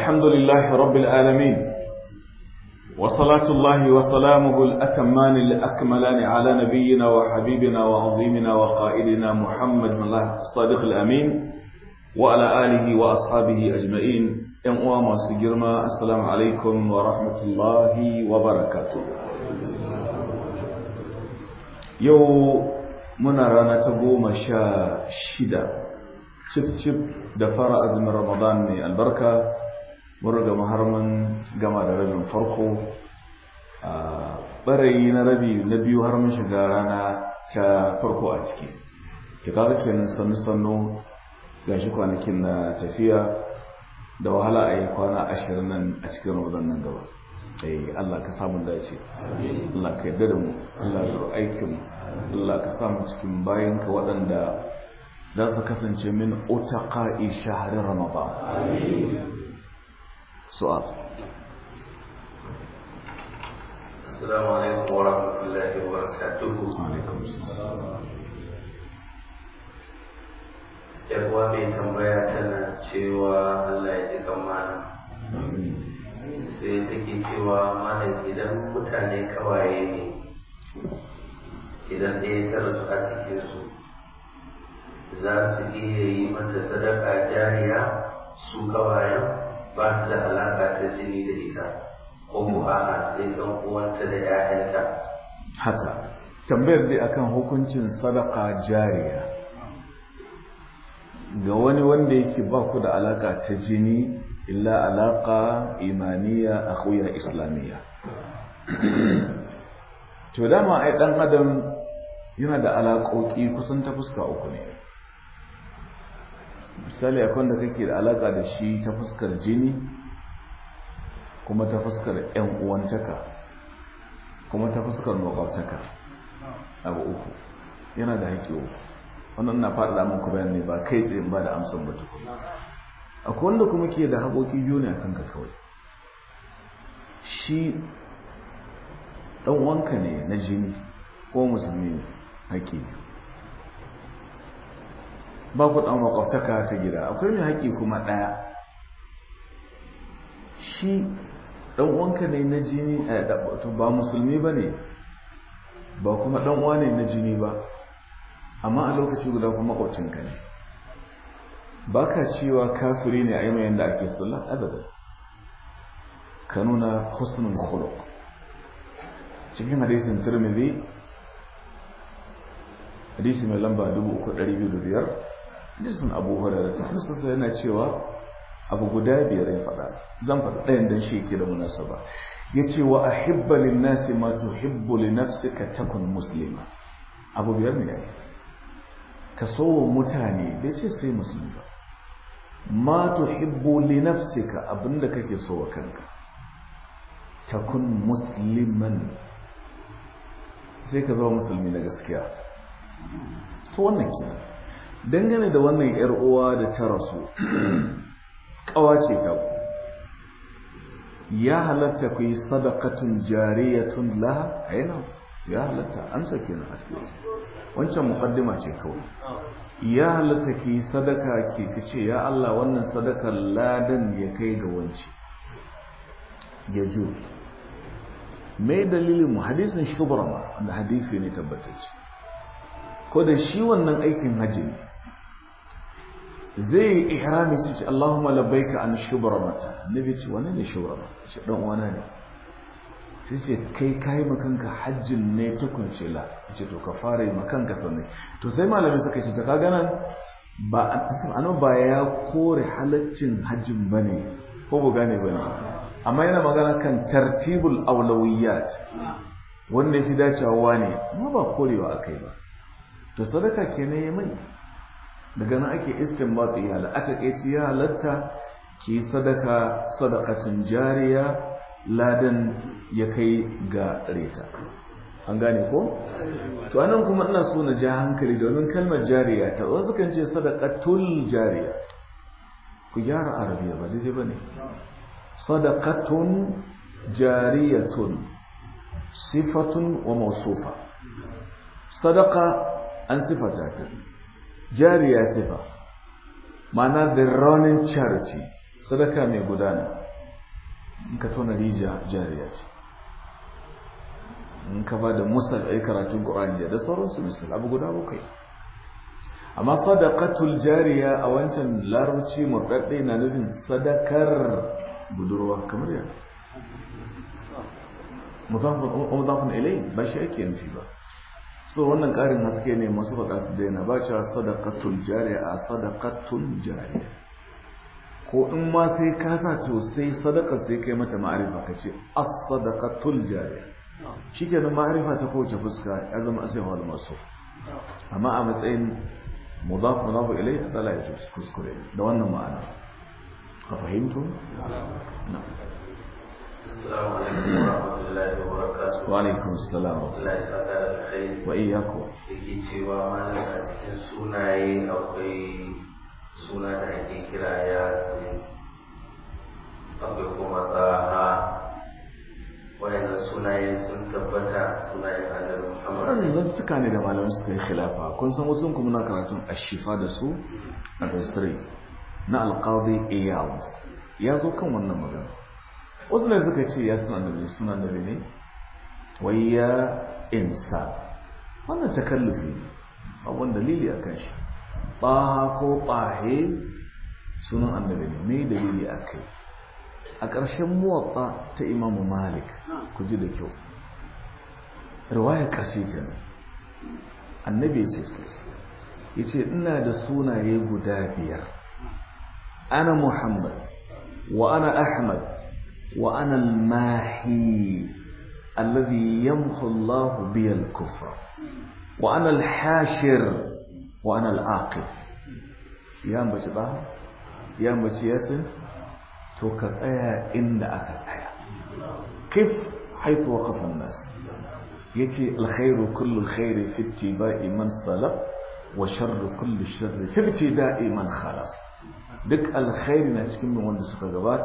الحمد لله رب العالمين وصلاة الله وسلامه الأتمان الأكملان على نبينا وحبيبنا وعظيمنا وقائدنا محمد من الله الصادق الأمين وعلى آله وأصحابه أجمعين إن أوام سجرما السلام عليكم ورحمة الله وبركاته يو من رانا تقوم شا شدة شف شف دفر أزم رمضان البركة mun riga har mun gama da rabin farko a barayi na rabi na biyu har mun shiga rana ta farko a ciki ta kaga kenan sannu sannu gashi kwanakin na tafiya da wahala a yi kwana ashirin nan a cikin ramadan nan gaba eh Allah ka samu dace Allah ka yarda da mu Allah ya aikin Allah ka samu cikin ka waɗanda za su kasance min utaqa'i shahri ramadan amin سؤال السلام عليكم ورحمة الله وبركاته وعليكم السلام mai tambaya tana cewa Allah ya ji kamana sai take cewa malam idan mutane kawaye ne idan ɗaya ta rasu a cikinsu za su iya yi mata sadaka jariya su kawayen ba su da alaƙa ta jini da ita ko mu sai ɗan uwanta da 'ya'yanta haka tambayar dai akan hukuncin sadaka jariya ga wani wanda yake ba ku da alaƙa ta jini illa alaƙa imaniya a islamiyya to dama ai ɗan adam yana da alaƙoƙi kusan ta fuska uku ne misali akwai da kake da alaka da shi ta fuskar jini kuma ta fuskar yan uwantaka kuma ta fuskar makwabtaka abu uku yana da haƙƙi uku wannan na faɗa muku bayan ne ba kai tsaye ba da amsan ba tukun akwai wanda kuma ke da haƙoƙi biyu ne a kanka kawai shi ɗan wanka ne na jini ko musulmi ne haƙƙi biyu ba ku ɗan makwabtaka ta gida akwai mai haƙƙi kuma ɗaya shi ɗan uwanka ne na jini eh, ba musulmi ba ne ba kuma ɗan uwa ne na jini ba amma a lokaci guda kuma makwabcinka ne ba ka cewa kafiri ne a yi mayan da ake sulla adabin ka nuna husnul khuluq cikin hadisin tirmidhi hadisi mai lamba 3205 hadisin abu hurairar ta hadisin yana cewa abu guda biyar ya faɗa zan faɗa ɗayan dan shi yake da munasaba yace wa ahibba lin nasi ma tuhibbu li nafsika takun muslima abu biyar ne yayi ka so mutane bai ce sai musulmi ba ma tuhibbu li nafsika abinda kake so wa kanka takun musliman sai ka zama musulmi na gaskiya to wannan kenan dangane da wannan yar uwa da ta rasu kawace ta ya halatta ku yi sadaqatun jariyatun laha aina ya halatta an sake na wancan muqaddima ce kawai ya halatta ki sadaka ka kace ya Allah wannan sadakar ladan ya kai ga wanci ya ju me dalilin mu hadisin shubra ma da hadisi ne tabbatacce ko da shi wannan aikin hajji ne zai yi ihrami su ce Allahumma labbaika an mata nabi ce wani ne shubrama ce dan wana ne sai ce kai kai makanka hajjin ne ta la? ce to ka fara yi makanka sannan to sai malami suka ce ta kaga nan ba anan ba ya kore halaccin hajjin bane ko bu gane bane amma yana magana kan tartibul aulawiyyat wanda ya fi dacewa ne amma ba korewa akai ba to sadaka kenan ya mai daga nan ake istinbati ya aka ƙeci ya halatta ki sadaka sadakatun jariya ladan ya kai ga reta an gane ko to anan kuma ina so na ja hankali domin kalmar jariya ta wasu kan ce sadaqatul jariya ku gyara arabiya ba daidai ba bane sadakatun jariyatun sifatun wa mawsufa sadaka an sifata ta jariya sifa ma'ana the running charity sadaka mai gudana in ka tona rija jariya ce in ka ba da musal yi karatun ƙoran da sauransu misal abu guda kai. amma sadaqatul jariya a wancan larabci murɗaɗɗe na nufin sadakar budurwa kamar yadda mutafin ilai ba shi ake nufi ba so wannan karin haske ne masu faɗa su daina ba cewa sadaqatul jariya a sadaqatul jariya ko in ma sai ka sa to sai sadaka sai kai mata ma'arifa ka ce as-sadaqatul jariya shikenan ma'arifa ta kowace fuska ya zama asai da masu amma a matsayin mudaf mudaf ilai ta tsala ya kuskure da wannan ma'ana ka fahimtu na السلام عليكم ورحمة الله وبركاته وعليكم السلام yake cewa malam a cikin sunaye akwai suna da ake kira ya akwai kuma tsaha wayannan sunaye sun tabbata sunayen annabi Muhammad wannan zantuka ne da malamai suka yi khilafa kun san wasu kuma na karatun ashifa da su a tastri na alqadi iyad ya zo kan wannan magana wasu suka ce ya suna nabi suna nabi ne wai ya insa wannan takallufi ne abun dalili a kan shi ba ko ɓahe sunan annabi ne mai dalili a kai a ƙarshen muwaɓa ta imamu malik ku ji da kyau riwayar ƙarshe nan annabi ce ya ce ina da sunaye guda biyar ana muhammad wa ana ahmad وأنا الماحي الذي يمحو الله بي الكفر وأنا الحاشر وأنا العاقب يا مجدا يا مجيس توقف أيا إن أكت آية كيف حيث وقف الناس يأتي الخير كل الخير في ابتداء من سلف وشر كل الشر في ابتداء من خلف دك الخير نتكلم عند سكة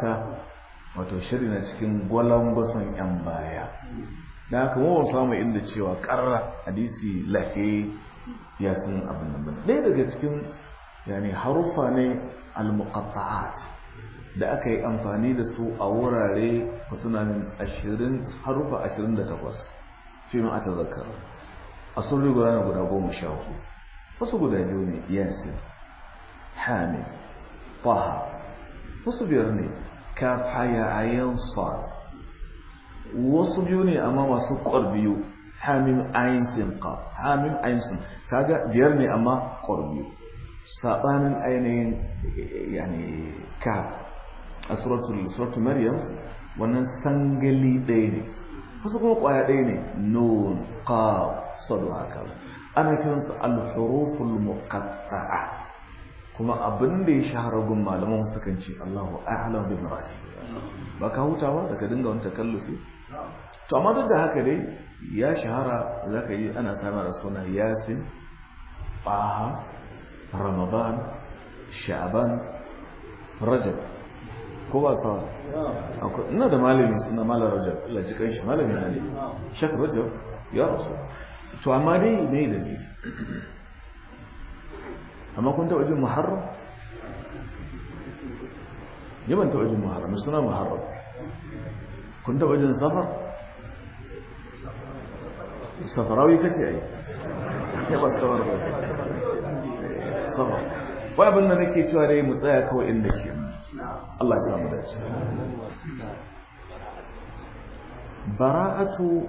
wato shirin na cikin gwalangwason yan baya da haka wawan samu inda cewa karra hadisi lafe ya sun abin nan ba ɗaya daga cikin yani harufa ne al-muqatta'at da aka yi amfani da su a wurare kutunanin ashirin harufa ashirin da takwas fi ma ata zakar a sun rigura na guda goma sha uku wasu guda biyu ne yasir hamid faha wasu biyar ne كاف حيا عين صاد وصديوني أمام وسقر بيو حامم عين سنقا حامم عين سن كاجا ديرني أما قربيو سطان العينين يعني كاف سورة سورة مريم ونن سنجلي ديني فسقوق آية ديني نون قاف صدوها كاف أنا كنس الحروف المقطعات kuma abin da ya shahara gun malaman sukan ce Allahu a'lam bi muradi ba ka hutawa da ka dinga wani kallufi to amma duk da haka dai ya shahara za ka yi ana sama da suna yasin taha ramadan sha'ban rajab ko ba sa ina da malamin suna malar rajab ila ji kan shi malamin ne shak rajab ya rasu to amma dai ne da ne amma kun taɓa jin muharram taɓa jin muharram suna muharram kun taɓa jin safar safarawi kace a yi. ba safar safar wai da nake cewa dai mu tsaya kawai inda ke Allah ya samu dace bara'atu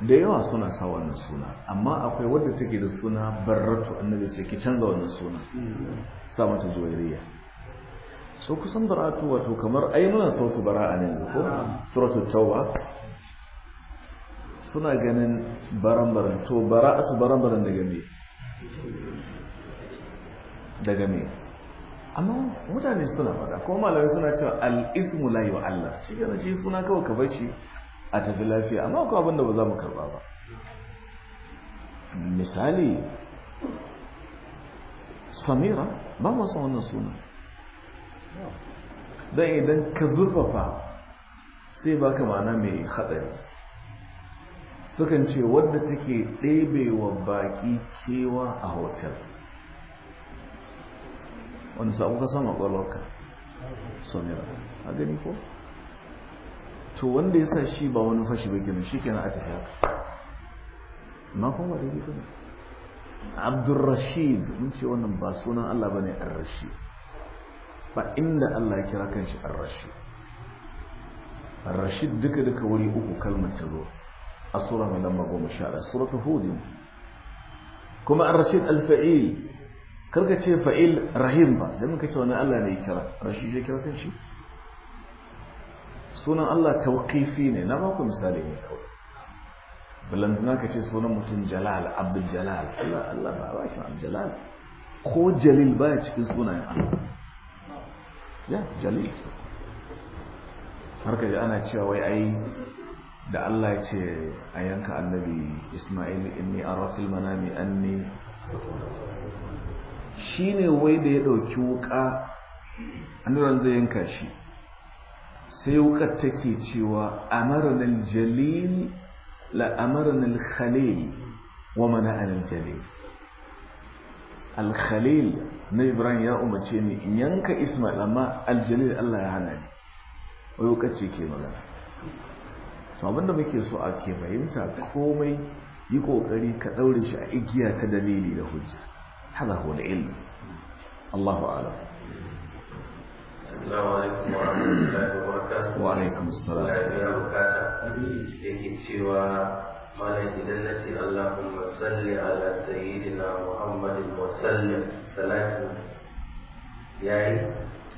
da yawa suna sa wannan suna amma akwai wadda take da suna barratu annabi ce ki canza wannan suna sa mata juwairiya so kusan baratu wato kamar ai muna sautu bara'a ne ko suratu tauba suna ganin barambaran to bara'atu barambaran daga me daga me amma mutane suna faɗa ko malamai suna cewa al-ismu la yu'alla shi ga shi suna kawai ka bar shi a tafi lafiya amma akwai abinda ba za mu karba ba misali samira ba mu san wannan suna zai idan ka zurfafa sai baka ma'ana mai haɗari sukan ce wadda take ɗebewa baƙi kewa a hotel wanda sa'uka ka sama ƙwallonka samira a gani ko? to wanda ya sa shi ba wani fashi ba kenan shi kenan a tafi haka amma kuma ba daidai bane Abdurrashid mun ce wannan ba sunan Allah bane Ar-Rashid ba inda Allah ya kira kanshi Ar-Rashid Ar-Rashid duka duka wuri uku kalmar ta zo a sura mai lamba goma sha ɗaya ta Hud kuma Ar-Rashid al-Fa'il karka ce fa'il Rahim ba dan muka ce wani Allah ne ya kira Rashid ya kira kan shi? sunan Allah tawqifi ne na ba ku misali ne kawai balantana ka ce sunan mutum jalal abdul jalal Allah Allah ba ba shi abdul jalal ko jalil ya cikin sunayen Allah ya jalil har ka ana cewa wai ai da Allah ya ce a yanka annabi Ismail inni arafil manami anni shine wai da ya dauki wuka annabi zai yanka shi sai wukar take cewa amaran aljalil la amaran alkhalil wa mana aljalil. alkhalil na ibrahim ya umarce ni in yanka isma'il amma aljalil Allah ya hana ni wai wukar ce ke magana to abinda muke so a ke fahimta komai yi kokari ka daure shi a igiya ta dalili da hujja hada huwa ilmi Allahu a'lam Assalamu alaikum wa rahmatullahi wa Wa alaikum assalam. Allah ya biya bukata. Yake cewa malam idan na Allahumma salli ala sayyidina Muhammadin wa sallim salatu yayi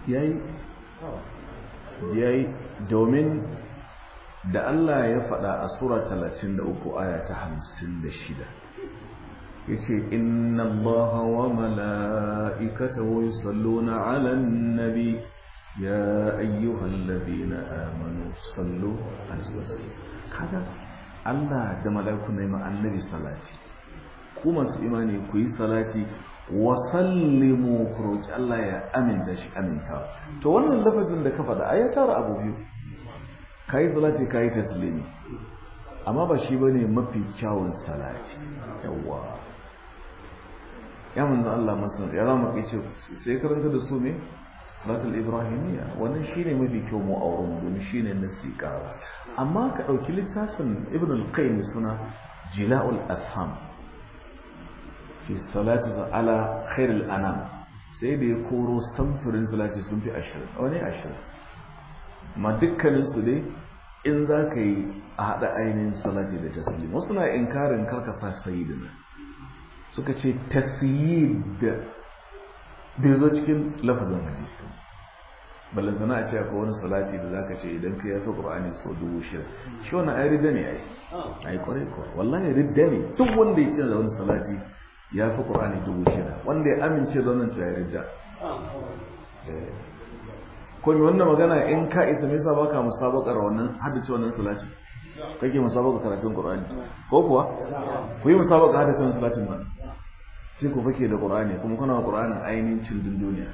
yayi yayi domin da Allah ya faɗa a sura talatin da 33 aya ta 56 yace inna allaha wa mala'ikata mala'ikatahu yusalluna 'alan nabi يا أيها الذين آمنوا صلوا عليه وسلم كذا Allah da mala'iku ne ma annabi salati ku masu imani ku yi salati wa sallimu ku roki Allah ya aminta shi aminta to wannan lafazin da ka faɗa ai ya tara abu biyu yi salati ka yi taslimi amma ba shi ne mafi kyawun salati yawa ya manzo Allah masu ya zama ce sai karanta da su ne salatul ibrahimiyya wannan shine mafi kyau mu auren domin shine na karawa amma ka ɗauki littafin ibn al-qayyim suna jila'ul asham fi salatu ala khairul anam sai da ya koro samfurin salati sun fi ashirin wani ashirin ma dukkanin su dai in za ka yi a haɗa ainihin salati da taslim wasu na inkarin karkasa sayyidina suka ce tasyid bai zo cikin lafazin hadisi ballantana a ce akwai wani salati da zaka ce idan ka yafi qur'ani so dubu shida shi wannan ayi ridda ne ayi ayi kwarai ko wallahi ridda ne duk wanda ya ce da wani salati ya fi qur'ani dubu shida wanda ya amince da wannan to ya ridda eh. ko mi wannan magana in ka isa me yasa baka musabakar wannan haddace wannan salati kake musabaka karatun qur'ani ko kuwa ku yi musabaka haddace wannan salatin wannan sai ku fake da ƙur'ani kuma kuna ƙur'anin ainihin cildin duniya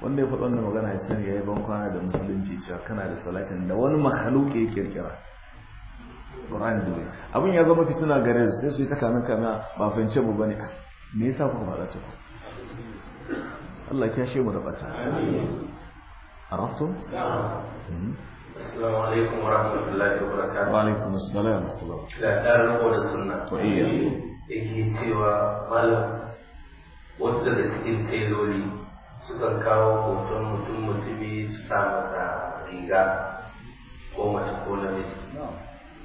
wanda ya faɗi wannan magana ya sani ya yi ban kwana da musulunci cewa kana da salatin da wani mahaluƙi ya kirkira ƙur'ani dole abin ya zama fitina gare su sai su yi ta kame kame ba fahimce mu ne. me yasa kuka faɗa ta Allah ya kashe mu da bata عرفتم؟ نعم السلام عليكم ورحمة الله وبركاته وعليكم السلام ورحمة الله لا تعالوا قول السنة وإياكم yake cewa malam wasu daga cikin tailoli sukan kawo hoton mutum mutumi su sa riga ko mace ko namiji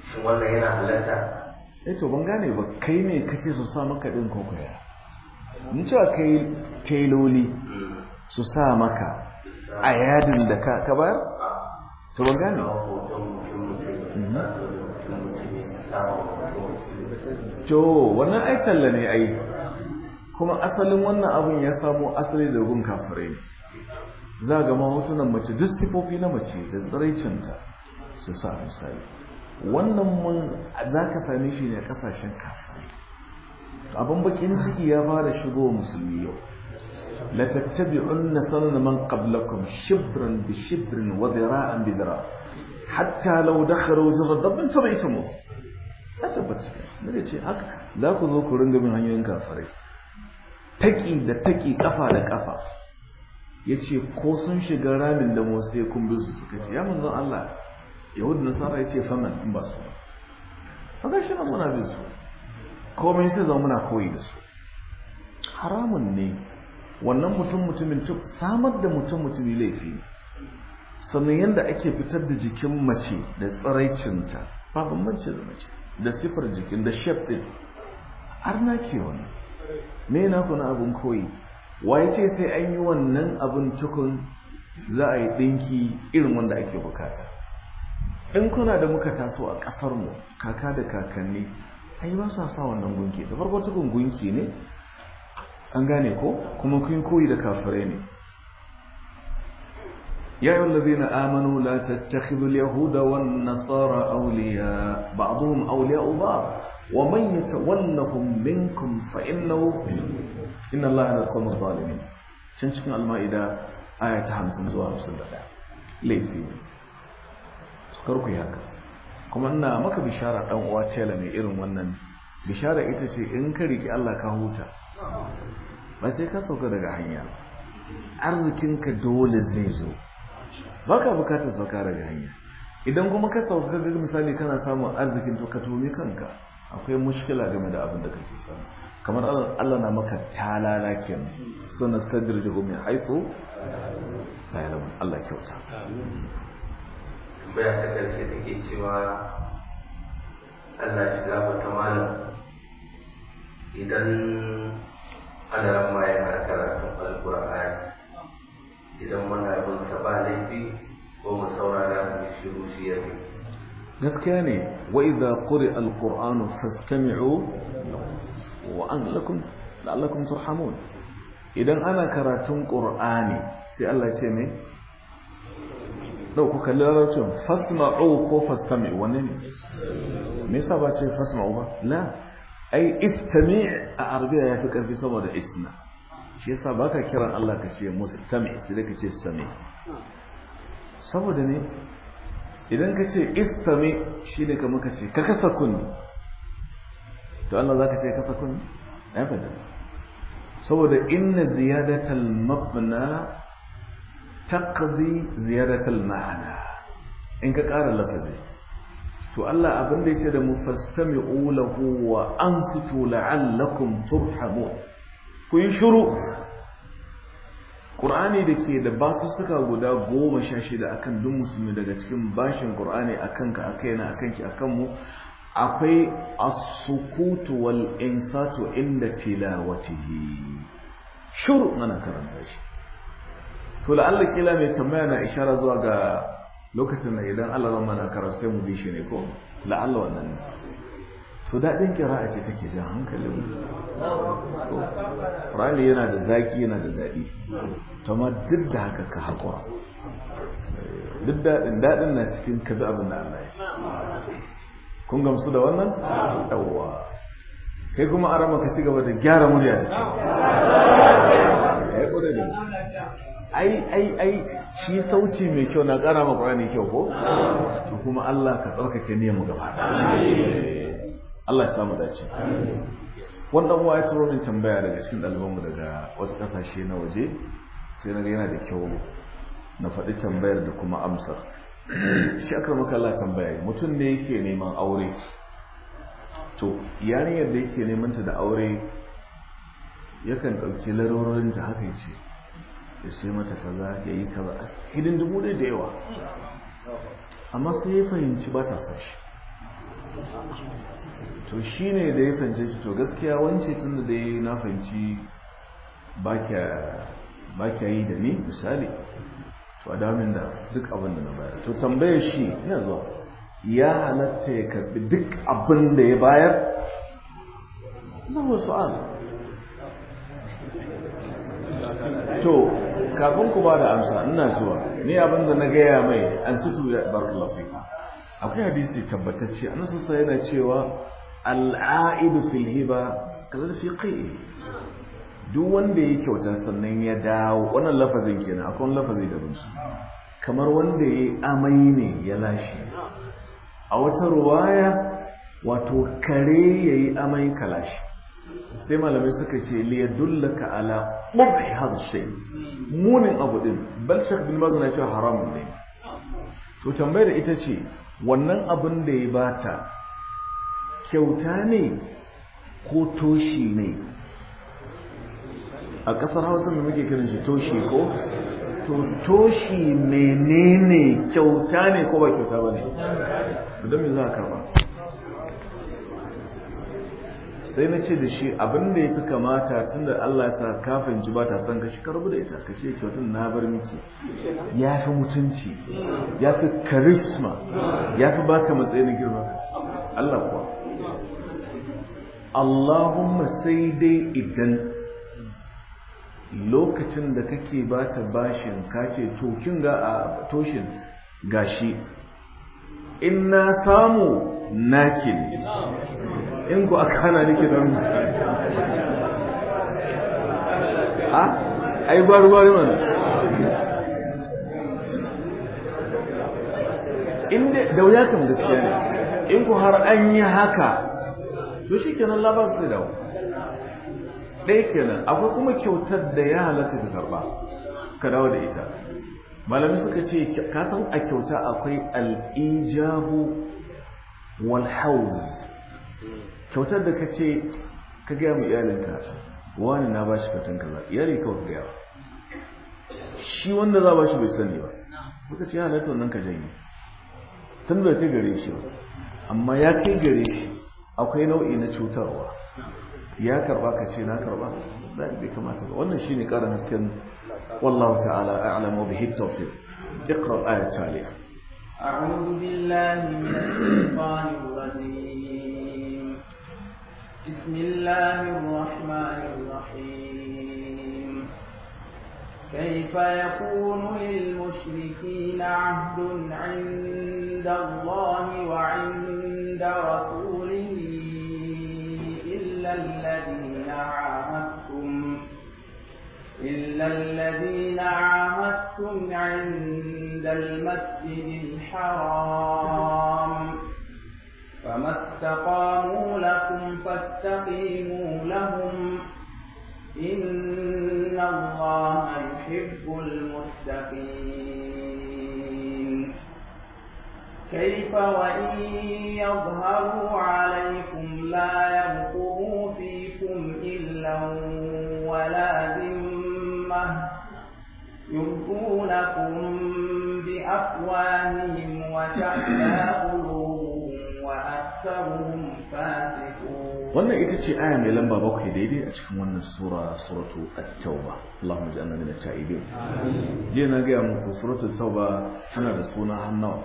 shin wannan yana halatta eh to ban gane ba kai ne kace su sa maka din kokoya mun cewa kai tailoli su sa maka a yadin da ka ka bayar to ban gane ba to wannan ai talla ne ai kuma asalin wannan abun ya samo asali da gun kafirai za ga ma hotunan mace duk sifofi na mace da tsiraicinta su sa misali wannan mun za ka same shi ne kasashen kafirai abin bakin ciki ya fara shigo musulmi yau la tattabi'un sanan man qablakum shibran bi shibrin wa dira'an bi dira'a hatta law dakhalu dabbin ya tabbata da ce haka za ku zo ku ringa bin hanyoyin kafirai taƙi da taƙi ƙafa da ƙafa ya ce ko sun shiga ramin da motsi ya kumbi su suka ce ya manzan Allah yahudu nasara ya ce faman in ba su ba haka shi na muna bin su komai sai zama muna koyi da su haramun ne wannan mutum mutumin tuk samar da mutum mutumi laifi sannan yadda ake fitar da jikin mace da tsaraicinta ba mace da mace da sifar jikin da shef din arna ke wani me na kuna abin koyi waye ce sai an yi wannan abin tukun za a yi ɗinki irin wanda ake bukata in kuna da muka taso a mu kaka da kakanni ai ba sa sa wannan gunki da farko tukun gunki ne an gane ko kuma kun koyi da kafirai ne يا أيها الذين آمنوا لا تتخذوا اليهود والنصارى أولياء بعضهم أولياء بعض ومن يتولهم منكم فإنه إن الله على القوم الظالمين تنشق المائدة آية حمس مزوها في السبب ليس لي سكرك ياك كما أن ما كبشارة أو أتلا من إرم ونن بشارة إتسي إنكرك الله كهوتا بس يكسوك دقا حيان أرضكينك دول الزيزو ba ka bukatar sauka daga hanya idan kuma ka sauka ga misali kana samun arzikin to ka tumi kanka akwai mushkila game da abin da kake samu kamar Allah na maka talala kenan sunna stadrijuhu min haythu la ya'lamun Allah kyauta tambaya ta karshe take cewa Allah ya gaba ta malam idan ana ramma yana karatun alqur'ani idan muna bin sa ba laifi ko mu saurara mu shiru shi ya bi gaskiya ne wa idza quri'a alqur'anu fastami'u wa anlakum la'allakum turhamun idan ana karatun qur'ani sai Allah ya ce ne dau ku kalli larabcin fasma'u ko fastami'u wanne ne me yasa ba ce fasma'u ba la ai istami' a arabiya yafi karfi saboda isma' shi yasa baka kiran Allah ka ce mustami sai ka ce sami saboda ne idan ka ce istami shi ne kamar ka ce ka kasa kunni to Allah za ka ce kasa kunni ya fada saboda inna ziyadatal mabna taqdi ziyadatal ma'ana in ka ƙara lafazi to Allah abin da yake da mufastami'u lahu wa ansitu la'allakum turhamun ku yi shuru ƙur'ani da ke da basussuka guda goma sha shida akan duk musulmi daga cikin bashin ƙur'ani a kanka a kaina a kanki a kanmu akwai asukutu wal insatu inda tilawatihi shuru mana karanta shi to la'alla kila mai tambaya na ishara zuwa ga lokacin da idan Allah zama na karanta sai mu bi shi ne ko la'alla wannan ne to daɗin kira'a ce take jan hankalin mu rani yana da zaki yana da daɗi to ma duk da haka ka haƙura eh, duk daɗin daɗin na cikin ka bi abin da Allah ya ce kun gamsu da wannan yawwa kai kuma arama ka ci gaba da gyara murya da ai ƙure da ai ai ai shi sauci mai kyau na ƙara ma ƙurani kyau ko to kuma Allah ka ɗaukake ne mu gaba Allah ya samu dace wannan wa ya turo min tambaya daga cikin mu daga wasu ƙasashe na waje sai na ga yana da kyau na faɗi tambayar da kuma amsar shi aka maka Allah tambaya mutum ne yake neman aure to yarinyar da yake neman ta da aure yakan ɗauki larurorin ta haka ce ya sai mata kaza ya yi kaza hidin dubu da yawa amma sai ya fahimci ba ta son to shi ne da ya fahimce shi to gaskiya wance tun da dai na fahimci ba kya yi da ni misali to a damin da duk abin da na bayar to tambayar shi ina zuwa ya halatta ya karbi duk abin da ya bayar zama su'al to kafin ku ba da amsa ina zuwa ni abin da na gaya mai an sutu da barkulafi akwai hadisi tabbatacce an sassa yana cewa al'aidu fil hiba kalar fi qi duk wanda ya kyauta sannan ya dawo wannan lafazin kenan akwai wani lafazi daban kamar wanda ya amai ne ya lashe a wata ruwaya wato kare ya yi amai kalashi sai malamai suka ce liyadullaka ala ƙubai shai munin abu ɗin, bal shek bin na cewa haramun ne to tambayar ita ce wannan abin da ya bata kyauta ne ko toshi ne a ƙasar hausa da muke kiran shi toshi ko to toshi menene kyauta ne ko ba kyauta ba ne don me za a karba sai na ce da shi abin da ya fi kamata tun da Allah ya sa kafin ji ba ta san ka shi karbu da ita ka ce kyautun na bar miki ya fi mutunci ya fi karisma ya fi baka matsayin girma Allah kuwa Allahumma sai dai idan lokacin da kake ba ta bashin ka ce tokin ga a toshin gashi in na samu nakin in ku aka hana nake don ha ai gwaru gwaru mana in da wuya kan gaskiya ne in ku har an yi haka to shi kenan labar su dawo ɗaya kenan akwai kuma kyautar da ya halatta ka karɓa ka dawo da ita malami suka ce kasan a kyauta akwai al'ijabu wal hauz kyautar da ka ce ka gaya mu iyalinka wani na ba shi fatan kaza iyali kawai ka gaya shi wanda za ba shi bai sani ba suka ce halatta nan ka janye tun da kai gare shi amma ya kai gare shi akwai nau'i na cutarwa ya karba ka ce na karba zai bai kamata ba wannan ne ƙara hasken wallahu ta'ala a'lamu bihi tawfiq اقرأ آية تالية أعوذ بالله من الشيطان الرجيم بسم الله الرحمن الرحيم كيف يكون للمشركين عهد عند الله وعند رسوله إلا الذين عاهدتم إلا الذين عاهدتم عند المسجد الحرام فما استقاموا لكم فاستقيموا لهم إن الله يحب المتقين كيف وإن يظهروا عليكم لا يبقوا فيكم إلا ولا ذمة يرضونكم بأفواههم وتأبى wannan ita ce aya mai lamba bakwai daidai a cikin wannan sura suratu at-tauba Allahumma ja'alna min at-ta'ibin jiya na ga muku suratu at-tauba tana da suna hannawa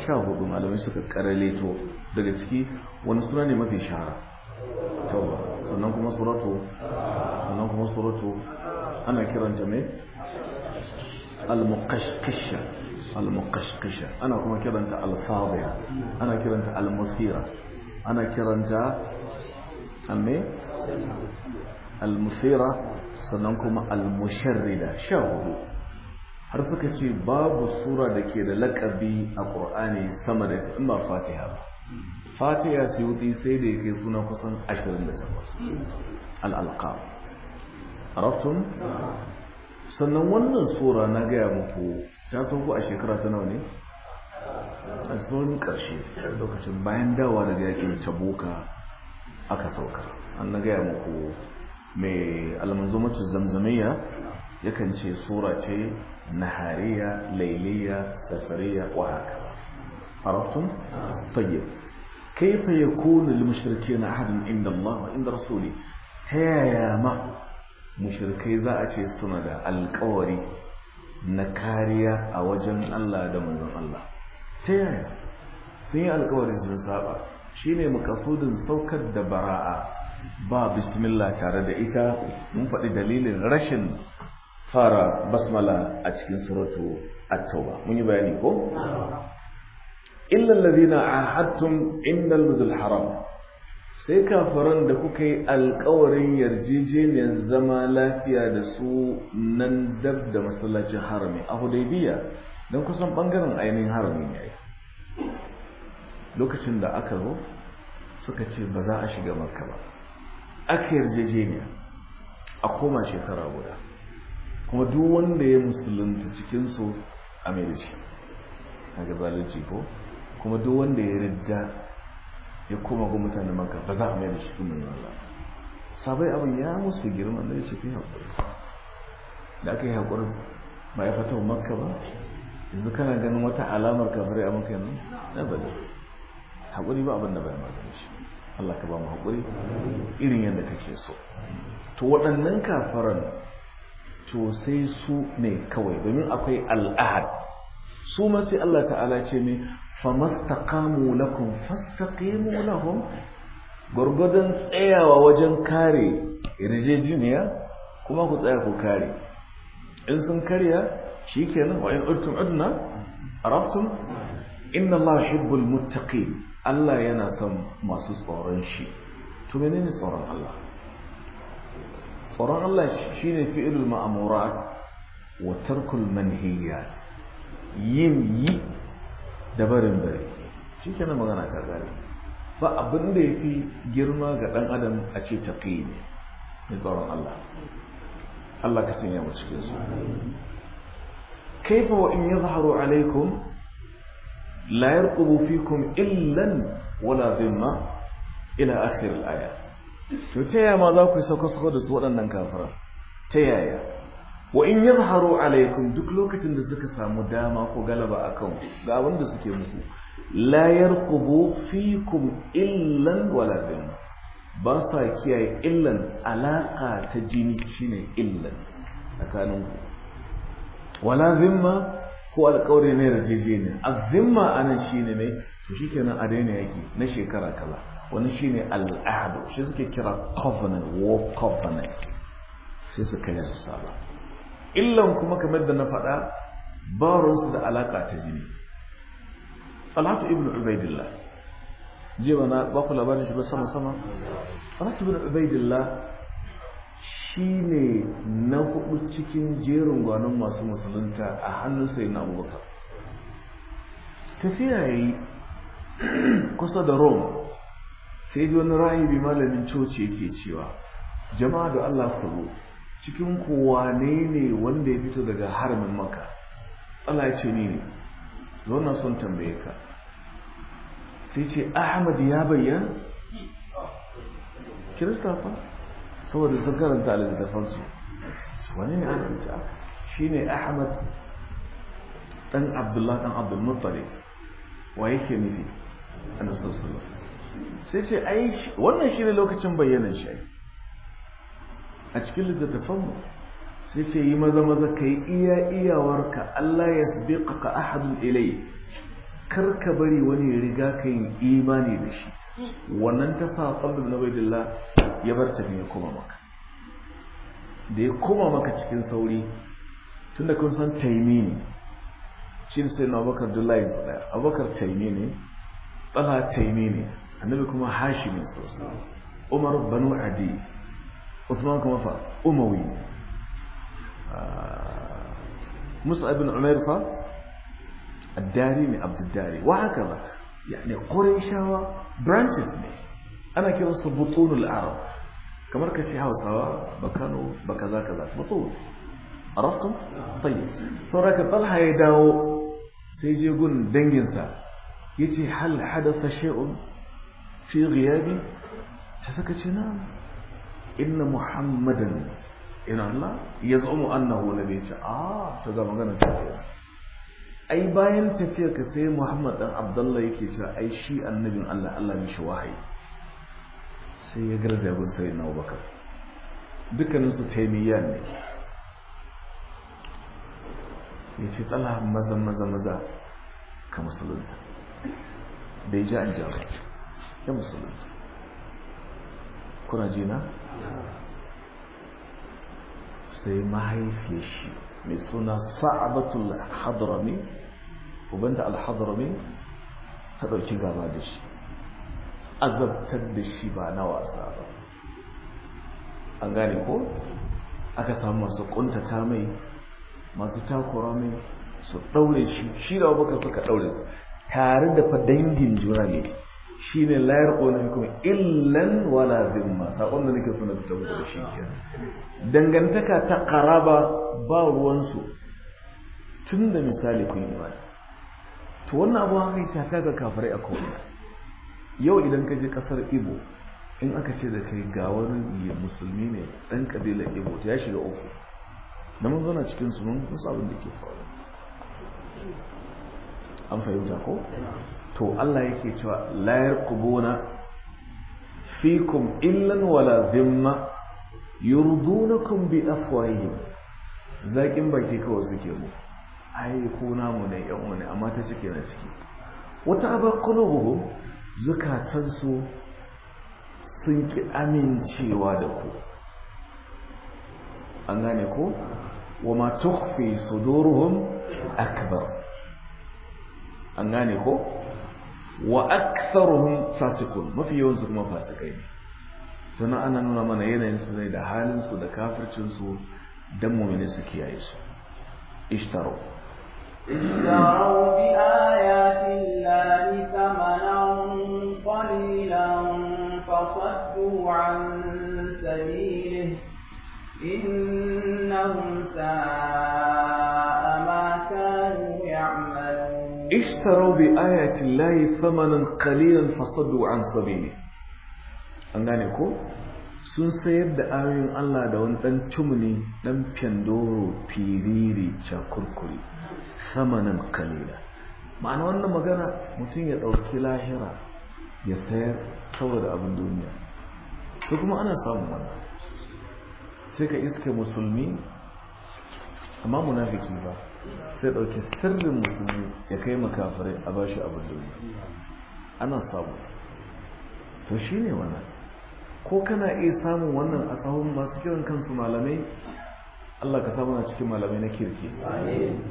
sha hudu malamai suka karaleto daga ciki wani suna ne mafi shahara tauba sannan kuma suratu sannan kuma suratu ana kiranta mai al-muqashqasha al-muqashqisha ana kuma kiranta al ana kiranta al-musira ana kiranta amme al-musira sannan kuma al-musharrida sha hudu har suka ce babu sura da ke da lakabi a ƙur'ani sama da in ba fatiha ba fatiha suyuti sai da yake suna kusan 28 al-alqab arabtum sannan wannan sura na gaya muku ta sauko a shekara ta nawa ne a tsohon ƙarshe lokacin bayan dawa daga yakin tabuka aka sauka an na gaya muku mai almanzomatu zamzamiya yakan ce sura ce nahariya lailiya safariya wa haka عرفتم؟ طيب كيف يكون للمشركين أحد عند الله وعند رسوله تياما مشركي ذا أتي الصندى القوري na kariya a wajen Allah da manzon Allah ta yaya sun yi alkawarin sun saba shine makasudin saukar da bara'a ba bismillah tare da ita mun faɗi dalilin rashin fara basmala a cikin suratu at-tauba mun yi bayani ko illal ladina ahadtum indal mudul haram sai kafaran da kuka yi alkawarin yarjejeniyar zama lafiya da su nan dab da masallacin harami a hudaybiya don kusan bangaren ainihin harami ne lokacin da aka zo suka ce ba za a shiga maka ba aka yarjejeniya a koma shekara guda kuma duk wanda ya musulunta cikinsu a mai da shi a ga zalunci ko kuma duk wanda ya ridda ya koma ga mutanen maka ba za a mai da shi kuma ne ba sabai abin ya musu girma da ya ce fi haƙuri da aka yi haƙuri ba ya fata maka ba yanzu kana ganin wata alamar kafare a maka yanzu na bada haƙuri ba abin da bai magana shi Allah ka ba mu haƙuri irin yadda kake so to waɗannan kafaran to sai su ne kawai domin akwai al'ahad su ma sai Allah ta'ala ce ne fama istaqamu lakum fastaqimu lahum gurgudan tsayawa wajen kare yarjejeniya kuma ku tsaya ku kare in sun karya shikenan wa in udtum udna arabtum inna allaha yuhibbul muttaqin Allah yana son masu tsoron shi to menene tsoron Allah tsoron Allah shine fi'ilul ma'murat wa tarkul manhiyat yin yi da barin bari shi kenan magana ta gani ba abin da ya fi girma ga ɗan adam a ce fi ne da tsoron Allah Allah ka sanya mu cikin su kaifa wa in yadhharu alaikum la yarqubu fikum illan wala dhimma ila akhir al-aya to ta yaya ma za ku sako sako da su waɗannan kafara ta yaya wa in yadhharu alaikum duk lokacin da suka samu dama ko galaba akan ga wanda da suke muku la yarqubu fikum illan wala ba sa kiyaye illan alaka ta jini shine illan tsakanin ku wala zimma ko alƙawari ne yarjejeniya azimma anan shine ne to shikenan a daina yaki na shekara kaza wani shine al'adu shi suke kira covenant war covenant sai su kai su saba illan kuma kamar da na faɗa ba ruwansu da alaƙa ta jini Talatu ibn ubaidillah jiya na ba ku labarin shi ba sama sama Talatu ibn ubaidillah shi ne na hudu cikin jerin gwanon masu musulunta a hannun sai na abubakar tafiya ya yi kusa da rome sai ji wani rahibi malamin coci yake cewa jama'a da allah ku cikin kowa ne ne wanda ya fito daga haramin maka Allah ya ce ni ne zauna sun tambaye ka sai ce ahmad ya bayyana kirista fa saboda sun karanta a littattafansu wani ne ahmad ta shi ne ahmad dan abdullahi dan abdulmuttali wa yake nufi a nasarar sai ce ai wannan shi ne lokacin bayyanan shi a cikin littattafanmu sai ce yi maza maza ka yi iya iyawarka Allah ya sabiƙa ka ahadun ilai kar ka bari wani riga ka yin imani da shi wannan ta sa ƙalbin na baidillah ya bar ta ne ya koma maka da ya koma maka cikin sauri tun da kun san taimi ne shi da sai na abokar dullahi ya ɗaya abokar taimi ne tsala taimi ne annabi kuma hashimi sosai umar banu adi عثمان كوفا أموي آه، موسى بن عمير ف الداري من عبد الداري وهكذا يعني قريش برانتس مي أنا كي أنصب بطون العرب كما ركز شيء سوا بكانوا بكذا كذا بطون عرفتم؟ طيب فراك طلع يداو سيجي يقول دنجنسا يجي هل حدث شيء في غيابي؟ حسكت نعم inna muhammadan in Allah ya zama annahu nabi ce a ah, ta ga magana ta ai bayan tafiya ka sai Muhammad dan Abdullah yake cewa ai shi annabin Allah Allah mishi wahayi sai ya garza yabon sai na Abubakar dukkanin su taimiyya ne ya ce tsala maza maza maza ka musulunta bai ji an jawo ya musulunta kuna jina? na sai mahaifiyar shi mai suna sa'abatul hadrami ubanta alhadrami ta dauki gaba da shi azabtar da shi ba na wasa ba an gane ko aka samu masu kuntata mai masu takura mai su daure shi shi da abubakar suka daure tare da fa dangin ne shine layar yarquna kuma illan wala zimma sakon da nake suna da tabbata shi kenan dangantaka ta qaraba ba ruwan su tunda misali kun imani to wannan abu haka yake ta ga kafirai a kowa yau idan ka je kasar Ibo in aka ce da kai ga wani musulmi ne dan kabilar Ibo ya shiga uku da mun zauna cikin su mun san abin da ke faru an fahimta ko to Allah yake cewa la yarqubuna fikum illan wala zimma yurdunakum bi afwahi zakin baki kawai suke mu ai ko namu ne yan ne amma ta cike na ciki wata abaquluhum su sun ki amincewa da ku an gane ko wama tukhfi suduruhum akbar an gane ko وأكثرهم فاسقون ما في يونس كما فاسقين فما أنا نونا من أين ينسون إذا حال ينسون إذا كافر ينسون دم من يسكي يسون اشتروا اشتروا بآيات الله ثمنا قليلا فصدوا عن سبيله إنهم سائلون اشتروا بآيات الله layi samanin فصدوا fasadu an an gane ko sun sayar da ayoyin Allah da wani ɗan tumuni ɗan fyandoro firiri cakurkuri samanin kalila ma'ana wannan magana mutum ya ɗauki lahira ya sayar saboda abin duniya to kuma ana samun wannan sai ka iske musulmi amma munafiki ba sai ɗauki sirrin musulmi ya kai makafarai a bashi abin duniya ana samu to shi ne wannan ko kana iya samun wannan a tsawon masu kiran kansu malamai Allah ka samu na cikin malamai na kirki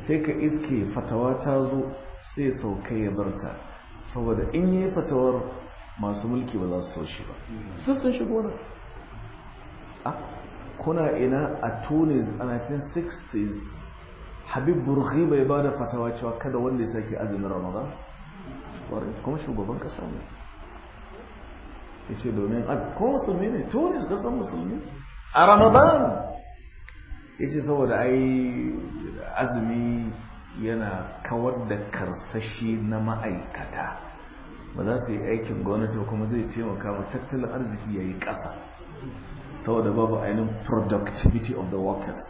sai ka iske fatawa ta zo sai sauka ya barta saboda in yi fatawar masu mulki ba za su so shi ba sun sun shigo na ah, kuna ina a tunis a 1960s habib burhi bai ba da fatawa cewa kada wanda ya sake azumin ramadan kuma shugaban kasa ne ya ce domin ko musulmi ne tunis musulmi a ramadan ya ce saboda ai azumi yana kawar da karsashi na ma'aikata ba za su yi aikin gwamnati kuma zai taimaka ma tattalin arziki ya yi ƙasa saboda babu ainihin productivity of the workers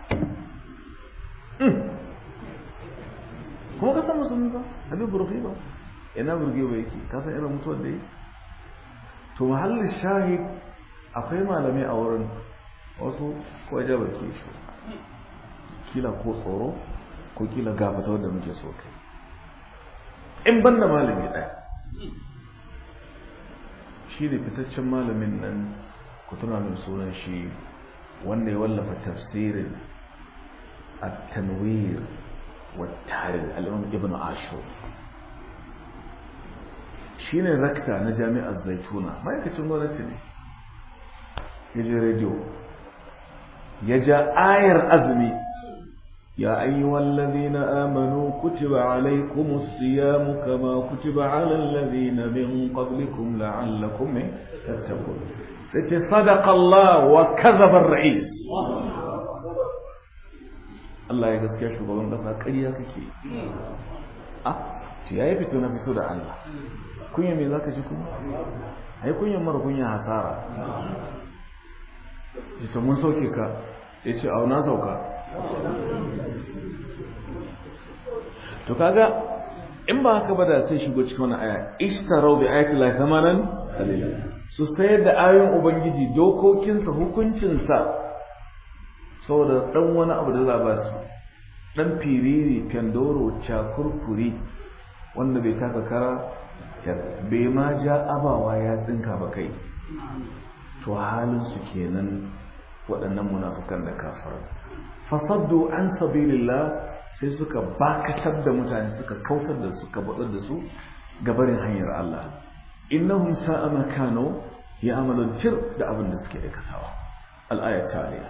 hmm. kuma ka san musulmi ba abin burgi ba ina burgi ba yake ka san irin mutuwar da yi to mahallin shahid akwai malami a wurin wasu ko jabar ke shi kila ko tsoro ko kila gafata wanda muke so kai in ban da malami ɗaya shi ne fitaccen malamin nan ku tuna min sunan shi wanda ya wallafa tafsirin a tanwir والتحرير الإمام ابن عاشور شين ركتا نجامي الزيتونة ما يكتب نورة تني يجي ريديو يجا آير أزمي يا أيها الذين آمنوا كتب عليكم الصيام كما كتب على الذين من قبلكم لعلكم تتقون صدق الله وكذب الرئيس Allah ya gaskiya shugaban ƙasa ƙarya kake a ce ya yi fito na fito da Allah kunya me za ka ji kuma a yi kunya mara kunya hasara ta mun sauke ka ya ce na sauka to kaga in ba haka ba da sai shigo cikin wani aya ishtarau bi ayati la thamanan su sayar da ayoyin ubangiji dokokinsa hukuncinsa saboda dan wani abu da za ba su dan firiri kandoro cakurkuri wanda bai taka kara bai ma ja abawa ya tsinka ba kai to halinsu kenan waɗannan munafukan da kafar fasaddu an sabilillah sai suka bakatar da mutane suka kautar da suka batsar da su gabarin hanyar Allah innahum sa'a makano kano ya amalan fir da abin da suke aikatawa al'ayat ayat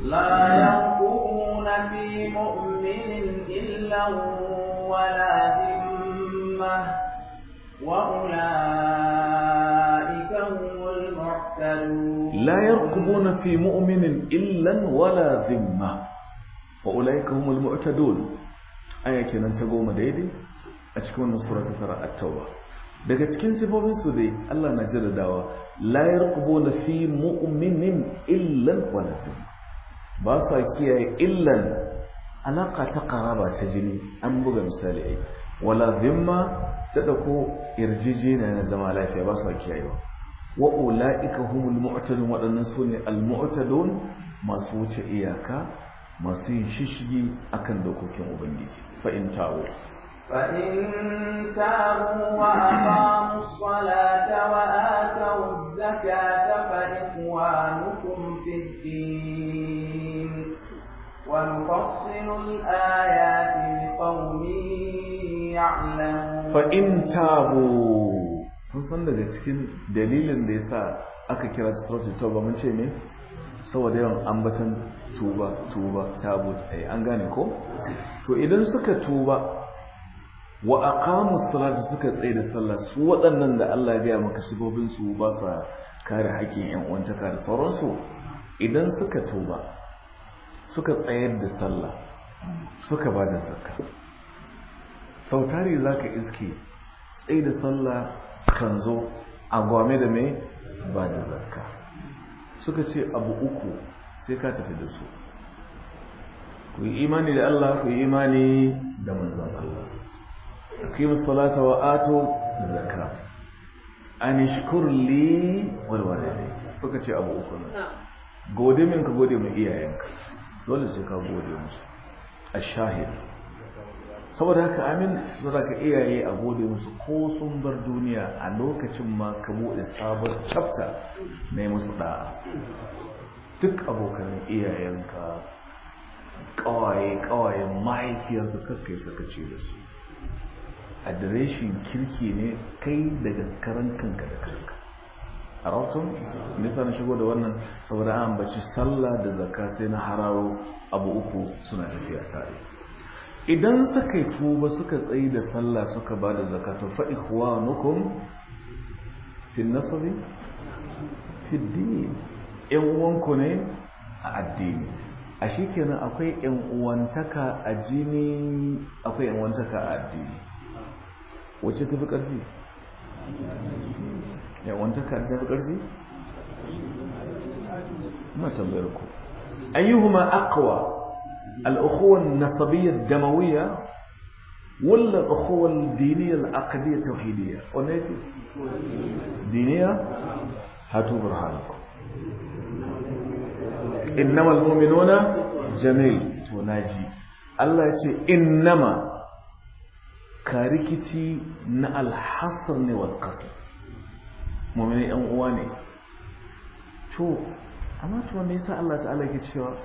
لا يرقبون في مؤمن إلا ولا ذمة وأولئك هم المعتدون لا يرقبون في مؤمن إلا ولا ذمة وأولئك هم المعتدون آية كنا تقوم ديدي أتكون سورة ترى التوبة daga cikin sifofinsu dai Allah na jaddadawa la yarqubuna fi mu'minin إلا ولا zimma ba sa kiyaye illan alaƙa ta ƙaraba ta jini an buga misali ai wala zimma ta ɗauko yarjejeniya na zama lafiya ba sa kiyayewa wa ula'ika humul mu'tadun waɗannan su al-mu'tadun masu wuce iyaka masu yin shishigi akan dokokin ubangiji fa in tawo فإن تابوا وأقاموا الصلاة وآتوا الزكاة فإخوانكم في الدين fa’in الآيات sun san daga cikin dalilin da ya sa aka kira da tauba mun ce ne saboda yawan ambatan tuba tuba tabu yi eh, an gane ko to idan suka tuba wa a kamun salata suka tsaye da sallah su waɗannan da Allah ya maka shigobinsu su ba sa kare haƙƙin ƴan uwantaka da sauransu idan suka tuba suka tsayar da sallah suka ba da zakka sau tare za ka iske tsaye da sallah kan zo a gwame da mai ba da zakka suka ce abu uku sai ka tafi da su ku yi imani da Allah ku yi imani da manzan Allah yi musulata wa da zakka an shkur li warware ne? suka ce abu uku ne gode min ka gode mai iyayenka dole sai ka gode musu a shahid saboda haka amin saboda ka iyaye a gode musu ko sun bar duniya a lokacin ma ka buɗe sabon chapter na musu da'a duk abokan iyayenka kawaye ƙawayen mahaifiyarka kakai suka ce da su adireshin kirki ne kai daga karan kanka da kanka a rautun sa na shigo da wannan saboda an baci sallah da zakka sai na harawo abu uku suna tafiya tare idan suka yi tuba suka tsayi da sallah suka ba da zakka to fa ikhwanukum fi nasabi fi dini yan uwanku ne a addini a shi kenan akwai yan uwantaka a jini akwai yan uwantaka a addini wacce tafi karfi ya أقوى الأخوة النصبية الدموية ma tambayar ku ayyuhuma aqwa al-ukhuwa an-nasabiyya ad-damawiyya ولا الأخوة الدينية العقدية التوحيدية دينية هاتوا برهانكم إنما المؤمنون جميل توناجي الله يتي إنما كاركتي نا الحصر والقصر mummune yan uwa ne to amma to ya yasa Allah ta'ala ke cewa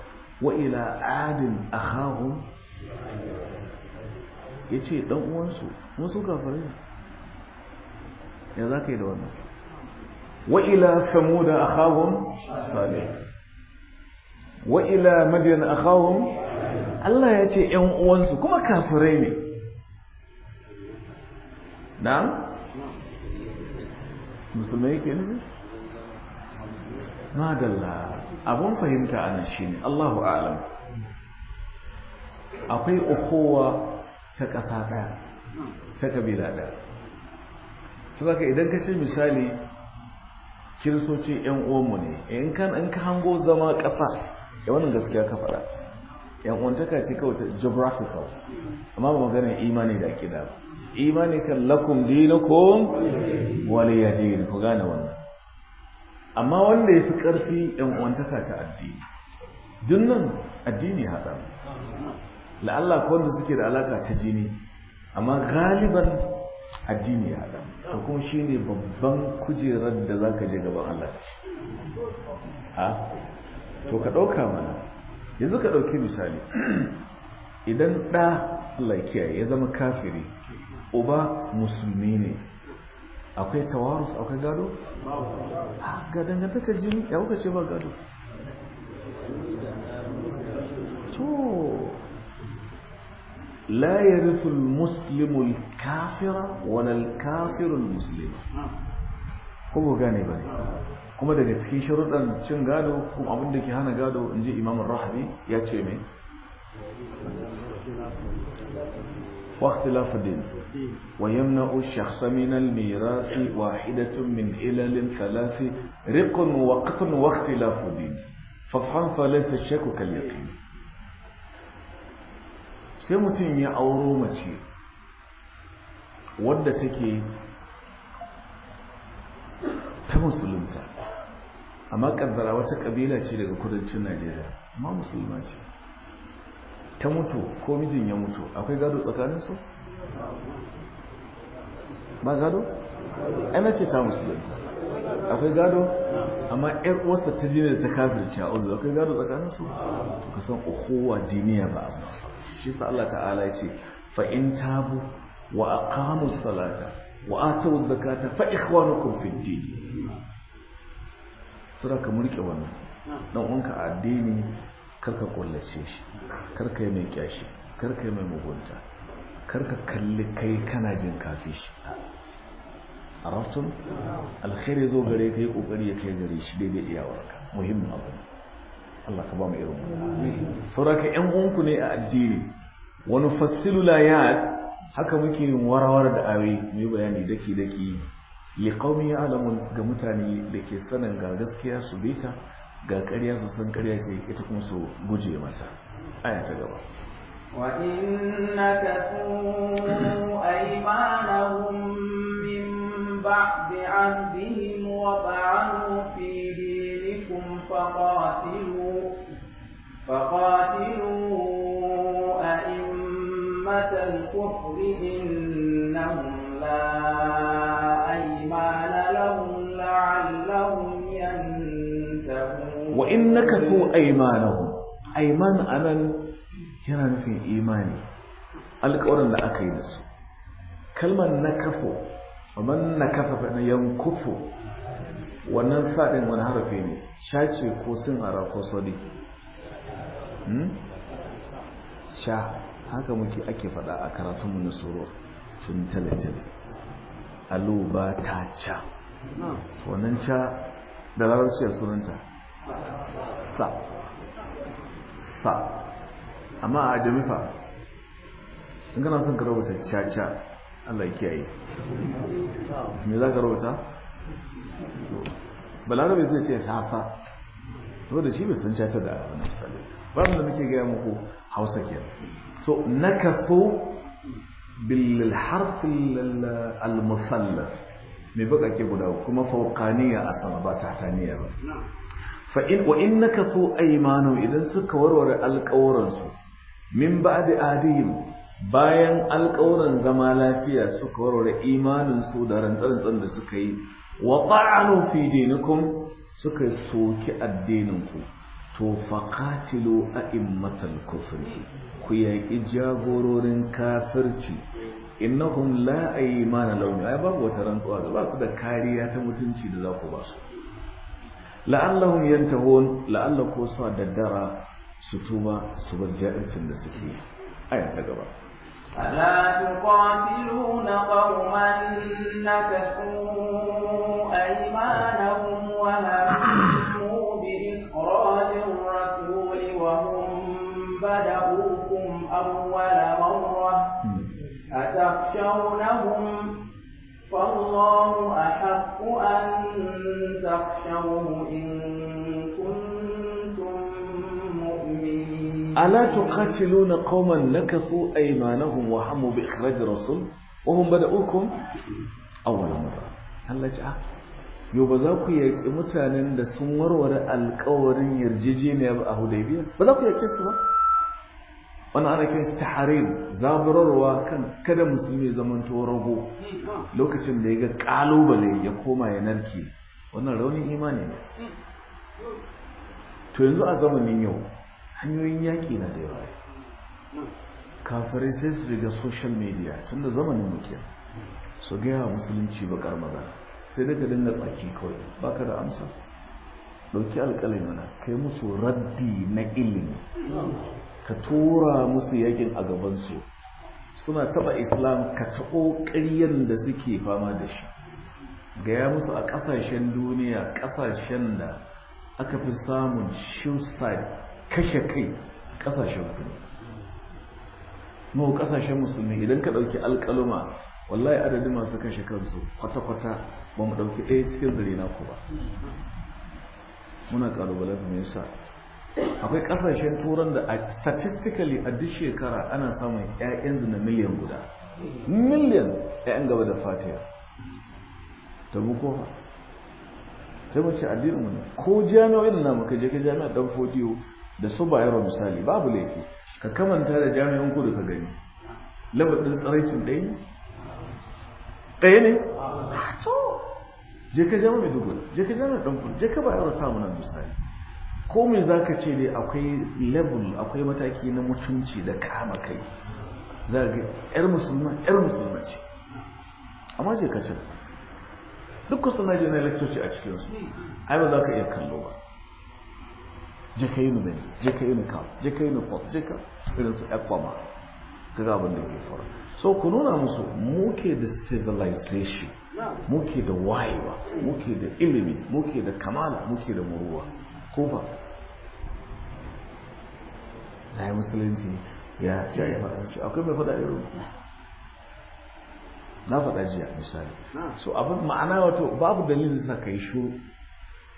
wa ila adin akhahum yace dan uwansu musu kafirai ya zaka yi da wannan wa ila a akhahum salih wa ila madyan akhahum Allah ya ce ‘yan uwansu kuma kafirai ne, na'am musulmai yake nufi madalla abun fahimta a nan ne Allahu a'lam akwai ukowa ta ƙasa ɗaya ta kabila ɗaya to zaka idan ka ce misali kiristoci yan uwanmu ne in kan an ka hango zama ƙasa ya eh, wannan gaskiya ka faɗa yan uwantaka ce kawai ta geographical amma ba maganar imani da aƙida ba imani kan lakum dinakum ya je yin ku gane wannan amma wanda ya fi ƙarfi ɗan uwantaka ta addini nan addini haɗa, la'alla ko wanda suke da alaka ta jini amma galiban addini ya hada to kuma ne babban kujerar da za ka je gaban Allah ha to ka ɗauka mana yanzu ka ɗauki misali idan ɗa Allah ya zama kafiri uba musulmi ne akwai tawarus akwai gado ga dangantaka jini ya kuka ce ba gado to la yarithu almuslimu alkafira wala alkafiru ko ba gane ba kuma daga cikin sharuɗan cin gado kuma abin da ke hana gado in ji imamun rahabi ya ce mai واختلاف الدين ويمنع الشخص من الميراث واحدة من علل ثلاث رق وقتل واختلاف الدين فافهم فليس الشك كاليقين سيمتم يا أورو متي ودى تكي ta musulunta amma kaddara wata kabila ce daga kudancin najeriya amma ta mutu ko mijin ya mutu akwai gado tsakaninsu? ba gado? ana ce ta musulunta akwai gado? amma yar uwarsa ta da ta kafirci a ulu akwai gado tsakaninsu? ka san ukowa diniya ba abu shi sa Allah ta'ala ya ce fa'in tabu wa aqamu salata wa atu zakata fa ikhwanukum fid din sura ka murke wannan dan a addini karka kullace shi karka yi mai kyashi karka yi mai mugunta karka kalli kai kana jin kafi shi a rafton alkhairi zo gare ka yi kokari ya kai gare shi daidai iyawarka muhimmin abu Allah ka ba mu irin ka yan uwanku ne a addini wani fassilu ya? haka muke yin warawar da awe mu yi bayani daki daki liqaumi alamun ga mutane da ke sanin ga gaskiya su bita ga ƙarya su san ƙarya ce ita kuma su guje mata aya ta gaba وَإِنَّ كَثِيرًا أَيْمَانَهُمْ مِنْ بَعْدِ عَهْدِهِمْ وَطَعَنُوا فِي دِينِكُمْ فَقَاتِلُوا فَقَاتِلُوا أَئِمَّةَ الْكُفْرِ إِنَّهُمْ لَا wa in nakathu ayman anan yana nufin imani alƙawarin da aka yi da su kalmar nakafu man nakafa fa na yankufu wannan fadin wani harafi ne shace ko sun ara ko sodi hmm? sha haka muke ake faɗa a karatunmu na tsoro tun talatin aluba ta ca wannan cha da larabci a sunanta sa sa amma a jamifa in gana son ka rubuta caca Allah ya kiyaye me za ka rubuta balarabe zai ce safa saboda shi bai san caca da wani misali ba da muke gaya muku hausa ke so na nakaso bil harf al musallar mai baka ke guda kuma fauqaniya a sama ba ta taniya ba fa'in wa in na kaso aimanu idan suka warware alƙawuransu min ba da adihim bayan alƙawuran zama lafiya suka warware imaninsu da rantsarantsan da suka yi wa ƙa'anu fi dinikum suka soki addininku to faƙatilo a immatan kufri ku yaƙi jagororin kafirci innahum la mana launi, ai babu wata rantsuwa ba su da kariya ta mutunci da za ku ba su la'allahum yantahun la'alla ko sa daddara su tuba su bar ja'incin da suke ayan ta gaba ala tuqatiluna qauman nakasu aymanahum wa hammu bi iqrarir rasul wa hum bada'ukum awwala marra atakhshawnahum فالله أحق أن تخشوه إن كنتم مؤمنين ألا تقاتلون قوما نكثوا أيمانهم وهموا بإخراج الرسول وهم بدأوكم أول مرة هل جاء yau ba ku yaƙi mutanen da sun warware alƙawarin yarjejeniya ba a ba za ku su ba wani ana kiransa zaburarwa kan kada musulmi zaman to rago lokacin da ya ga kalubale ya koma ya narke wannan raunin imani ne to yanzu a zamanin yau hanyoyin yaƙi na da yawa kafirai sai su riga social media tun da zamanin muke su gaya musulunci bakar maza sai daga dinga tsaki kawai baka da amsa ɗauki alƙalai mana kai musu raddi na ilimi ka tura musu yakin a gabansu suna taba islam ka taɓo ƙaryen da suke fama da shi gaya musu a ƙasashen duniya ƙasashen da aka fi samun suicide kashe kai ƙasashen kuma mu ƙasashen musulmi idan ka ɗauki alƙaluma wallahi adadin masu kashe kansu kwata-kwata ba mu ɗauki ɗaya cikin zare na ku ba muna ƙalubalen mai yasa akwai kasashen turan da statistically a duk shekara ana samun 'ya'yan na miliyan guda miliyan 'ya'yan gaba da fatiya ta buko Ta mace addinin mu ko jami'o'in na maka je ka jami'a dan fodiyo da su yaro misali babu laifi ka kamanta da jami'an kudu ka gani labar tsaraicin ɗaya ne ɗaya ne to je ka jami'a mai dubu je ka jami'a ɗan kudu je ka yaro ta mu nan misali ko me za ka ce dai akwai level akwai mataki na mutunci da kama kai za ga yar musulma yar musulma ce amma je ka ce duk kusa na je na a a cikinsu ai ba za ka iya kallo ba je ka yi ni bane je ka yi ni kawo je ka yi ni kwaf je ka irin su ekwama ga gaban da ke faru so ku nuna musu muke da civilization muke da wayewa muke da ilimi muke da kamala muke da muruwa kufa na yi musulunci ya ce ya faɗa ce akwai mai faɗa irin na faɗa jiya misali so abin ma'ana wato babu dalilin sa ka yi shuru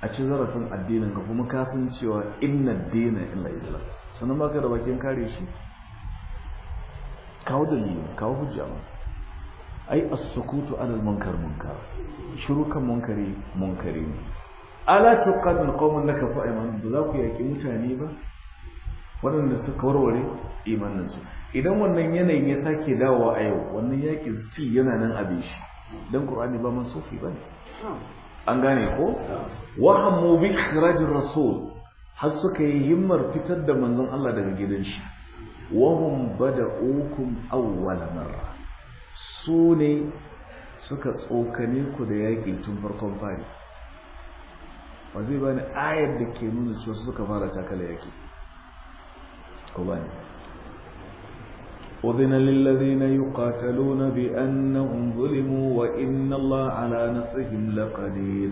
a ci zarafin addinin ka kuma ka san cewa inna dina illa islam sannan ba ka da bakin kare shi kawo dalilin kawo hujja ma ai as-sukutu alal munkar munkar shiru kan munkari munkari ne ala tuqatul qauman nakafu aymanuhum ba za ku yaki mutane ba waɗanda suka warware imaninsu idan wannan yanayin ya sake dawowa a yau wannan yakin ci yana nan abin shi don ƙur'ani ba man sufi ba ne an gane ko wahammu bi ikhrajir rasul har suka yi himmar fitar da manzon Allah daga gidan shi hum bada'ukum awwal marra su ne suka tsokane ku da yaƙi tun farkon fari ba zai bani ayar da ke nuna cewa suka fara takala yake ko bani للذين يقاتلون بأنهم ظلموا وإن الله على نصرهم لقدير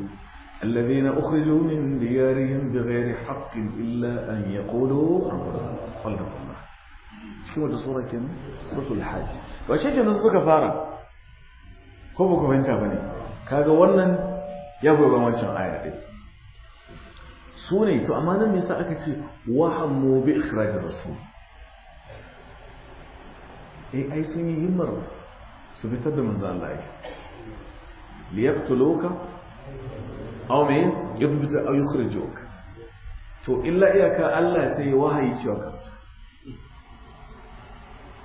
الذين أخرجوا من ديارهم بغير حق إلا أن يقولوا ربنا خلق الله كيف هذا سورة كم؟ صورة الحاج وشكي نصف كفارة كيف كنت أبني كاقا ونن يبقى بمجان آية سوني تو أمانا من سأك شيء واحد مو بإخراج الرسول أي أي سيني يمر سبيت هذا من زال لاي ليقتلوك أو مين يضبط أو يخرجوك تو إلا إياك الله سي وهاي شوك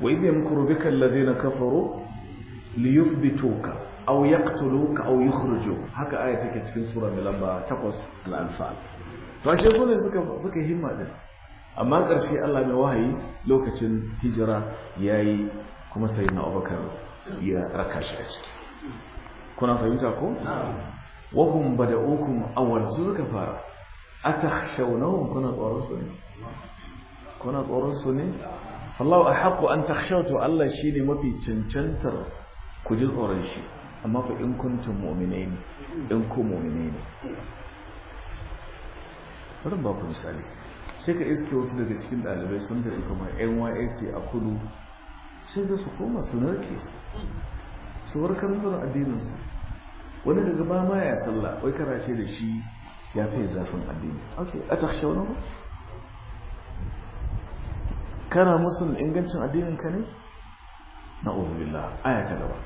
وإذ يمكر بك الذين كفروا ليثبتوك أو يقتلوك أو يخرجوك هكا آية في سورة الأنبياء تقص الأنفال to ashe kullum suka suka himma din amma ƙarshe Allah mai wahayi lokacin hijira yayi kuma sai na Abubakar ya raka shi a ciki kuna fahimta ko wa hum bada'ukum awwal su suka fara atakhshawnahum kuna tsoron su ne kuna tsoron su ne fallahu ahqqu an takhshawtu Allah shine mafi cancantar ku ji tsoron shi amma fa in kuntum mu'minin in ku mu'minin bari ba ku misali sai ka iske wasu daga cikin ɗalibai sun da kamar NYSC a kudu sai da su koma su narke su warkar nuna addininsu wani daga ba ma ya sallah wai karace da shi ya fi zafin addini ok a shi wani kana musulun ingancin addinin ka ne na uzubillah aya ta gaba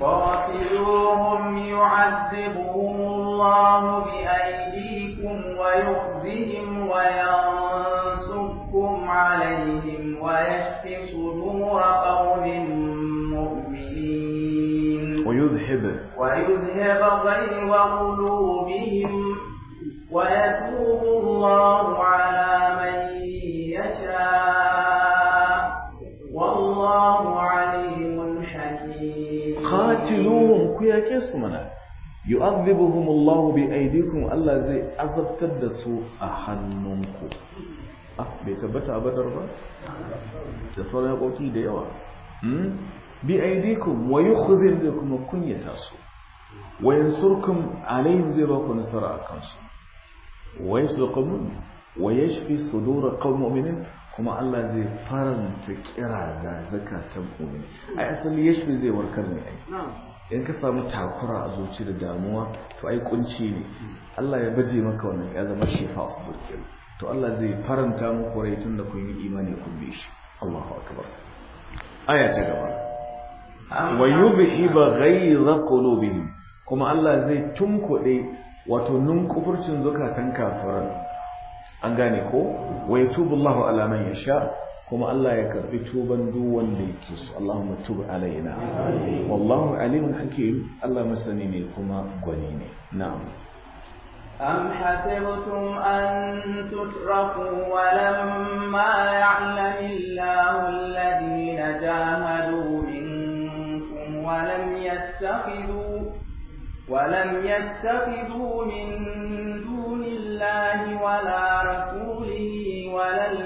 قاتلوهم يعذبهم الله بأيديكم ويخزهم وينصركم عليهم ويشف صدور قوم مؤمنين ويذهب ويذهب غيظ قلوبهم ويتوب الله على من يشاء yaƙe su mana yu'adhibuhum Allah bi aydikum Allah zai azabtar da su a hannunku ah bai tabbata ba badar ba da sauran yaƙoƙi da yawa bi aydikum wa yukhzir da kunyata su wa yansurkum alayhim zai ba ku nasara a kansu wa yasluqumun wa yashfi sudur qawmin mu'minin kuma Allah zai faranta kira da zakatan mu'mini ai asali yashfi zai warkar ne ai in ka samu takura a zuci da damuwa to ai kunci ne Allah ya baje maka wannan ya zama shifa usbur to Allah zai faranta muku rai tun da kun yi imani kun bi shi Allahu akbar aya ta gaba wa yubhiba ghayra qulubihim kuma Allah zai tunkuɗe wato nun kufurcin zukatan kafiran an gane ko wa yatubu Allahu ala man yasha كما الله يكرب توبا دوا ليكس اللهم تب علينا والله عليم حكيم اللهم سنيني كما قنيني نعم أم حسبتم أن تتركوا ولما يعلم الله الذين جاهدوا منكم ولم يتخذوا ولم يتخذوا من دون الله ولا رسوله ولا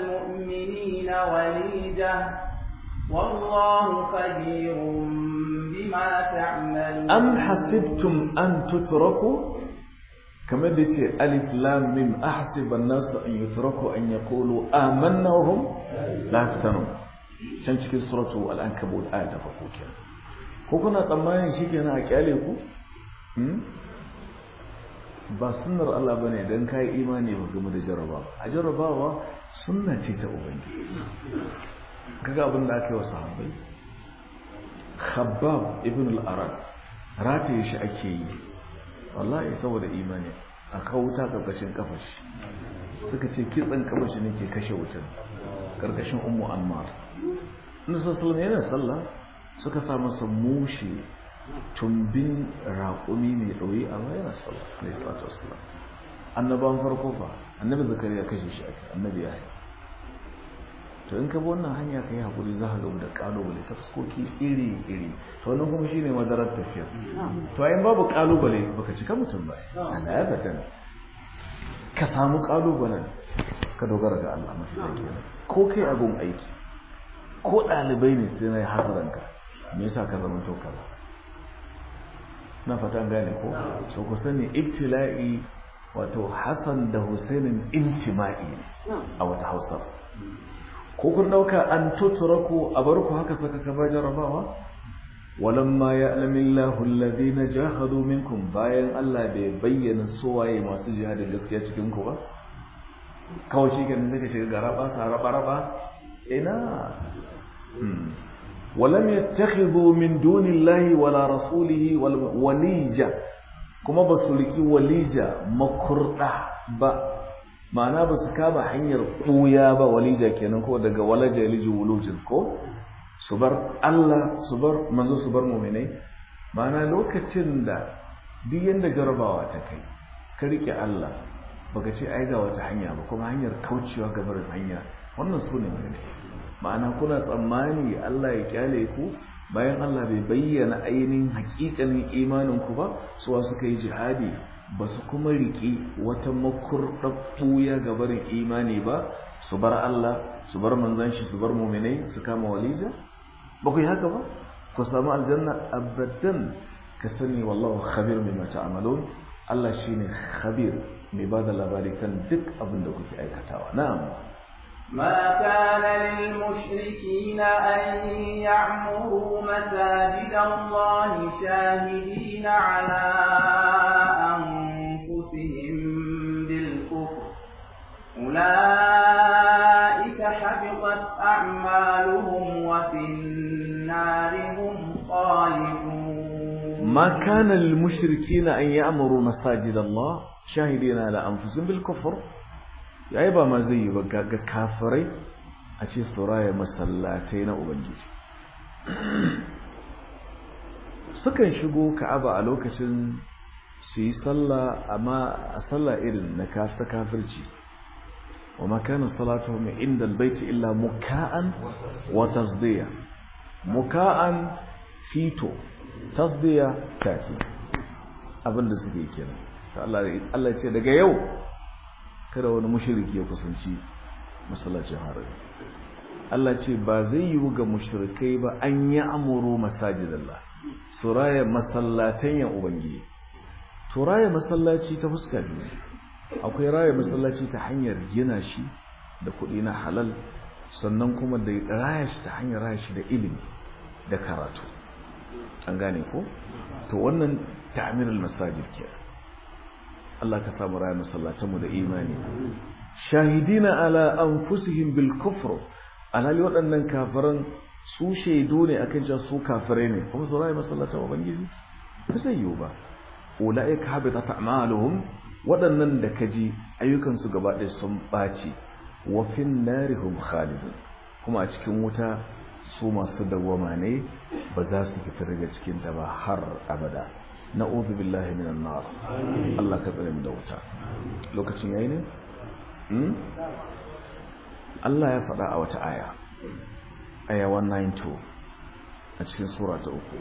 وليدة والله خبير بما تعملون أم حسبتم أن تتركوا كما ديتي ألف لام ميم أحسب الناس أن يتركوا أن يقولوا آمنا وهم لا يفتنون can cikin suratu al'ankabut a ta farko kenan ko kuna tsammanin shi kenan a kyale ku ba sunnar Allah ba ne don kayi imani ba game da jarabawa. a sunna ce ta ubangiji kaga abin da aka yi wa sahaba. khabbab ibn al-arad rataye shi ake yi wallahi saboda imani a kawuta wuta karkashin kafashi suka ce kitsan kafashi ne ke kashe wutar karkashin ummu ammar inda sassalin yana sallah suka sa masa mushe tumbin raƙumi mai ɗoyi a bayan sallah na islatu wasallam annaban farko fa annabi zakariya kashe shi aka annabi ya to in ka bi wannan hanya ka yi hakuri za ka gabu da ƙalubale ta fuskoki iri iri to wannan kuma shine madarar tafiya to ayin babu ƙalubale baka cika mutum ba ana ya ne. ka samu ƙalubalen ka dogara ga Allah mafi ko kai abun aiki ko ɗalibai ne sai na yi hasaranka me yasa ka zama to kaza na fatan gane ko so ku sani ibtila'i wato hassan da husainin intima'i a wata hausa ko kun dauka an tuturaku a barku haka saka ka bayan rabawa walamma ya alamillahu alladhina jahadu minkum bayan Allah bai bayyana sowaye masu da gaskiya cikin ku ba kawai shi kenan suka shiga garaba sa raba raba ina ولم يتخذوا من دون wala ولا رسوله kuma ba su riki walija makurda ba ma'ana ba su kama hanyar ɓuya ba walija kenan ko daga walaja liji wulujin ko su bar Allah su bar manzo su bar mu'minai ma'ana lokacin da duk yadda jarabawa ta kai ka rike Allah baka ce ai ga wata hanya ba kuma hanyar kaucewa ga hanya wannan su ne ma'ana kuna tsammani Allah ya kyale ku bayan Allah bai bayyana ainihin hakikanin imanin ku ba suwa suka yi jihadi ba su kuma riƙi wata makurɗar ɓuya ga barin imani ba su bar Allah su bar manzan shi su bar muminai su kama walija ba ku yi haka ba ku samu aljanna abadan ka sani wallahu khabir mai mata amalo Allah shine khabir mai ba da labari kan duk abin da kuke aikatawa na'am ما كان للمشركين أن يعمروا مساجد الله شاهدين على أنفسهم بالكفر أولئك حبطت أعمالهم وفي النار هم خالدون ما كان للمشركين أن يعمروا مساجد الله شاهدين على أنفسهم بالكفر yayi ba ma zai yi ba ga kafirai a ce su masallatai na ubangiji sukan shigo ka'aba a lokacin su yi sallah amma a sallah irin na kasta kafirci wa makanin salatuhum inda albayti illa muka'an wa tasdiya muka'an fito tasdiya tafi abinda suke kenan ta Allah ce daga yau kada wani mushriki ya kusanci masallacin harin. Allah ce ba zai yiwu ga mushrikai ba an yi amuru masajidallah su raya masallatan ya ubangiji to raya masallaci ta fuska biyu akwai raya masallaci ta hanyar gina shi da kuɗi na halal sannan kuma da raya shi ta hanyar raya shi da ilimi da karatu an gane ko to wannan ta'amirul masajid kenan Allah ka samu raya masallatanmu da imani shahidina ala anfusihim bil kufr alhali waɗannan kafiran su shaidu ne akan cewa su kafirai ne kuma su raya masallatan ubangiji ba zai yiwu ba ka habitat a'maluhum waɗannan da kaji ayyukansu gaba ɗaya sun ɓaci wa fin narihum khalidun kuma a cikin wuta su masu dawwama ne ba za su fita daga cikinta ba har abada na na'udhu billahi minan nar Allah ka tsare mu da wuta lokacin yayi ne hmm? Allah ya faɗa a wata aya aya 192 a cikin sura ta uku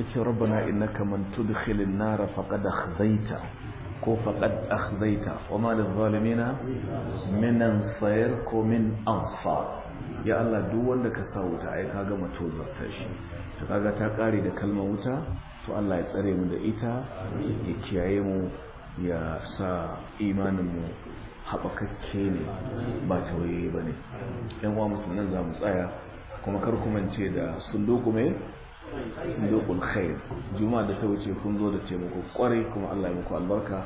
yace rabbana innaka man tudkhilin nar faqad akhzaita ko faqad akhzaita wa ma lil zalimina min ansar ko min ansar ya Allah duk wanda ka sa wuta ai ka gama tozarta shi to kaga ta kare da kalmar wuta su Allah ya tsare mu da ita ya kiyaye mu ya sa imanin mu haɓakakke ne ba tawaye ba ne yan wa musulman za mu tsaya kuma kar ku mance da sunduku mai sundukul khair juma da ta wuce kun zo da taimako kwarai kuma Allah ya muku albarka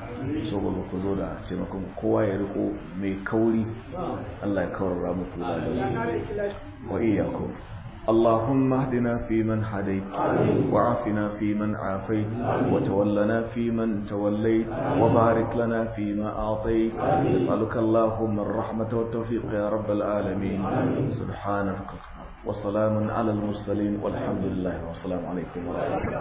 saboda ku zo da taimakon kowa ya riko mai kauri Allah ya ramu muku da wa iyyakum اللهم اهدنا فيمن هديت وعافنا فيمن عافيت وتولنا فيمن توليت وبارك لنا فيما أعطيت نسألك اللهم الرحمة والتوفيق يا رب العالمين سبحانك وسلام على المرسلين والحمد لله والسلام عليكم ورحمة الله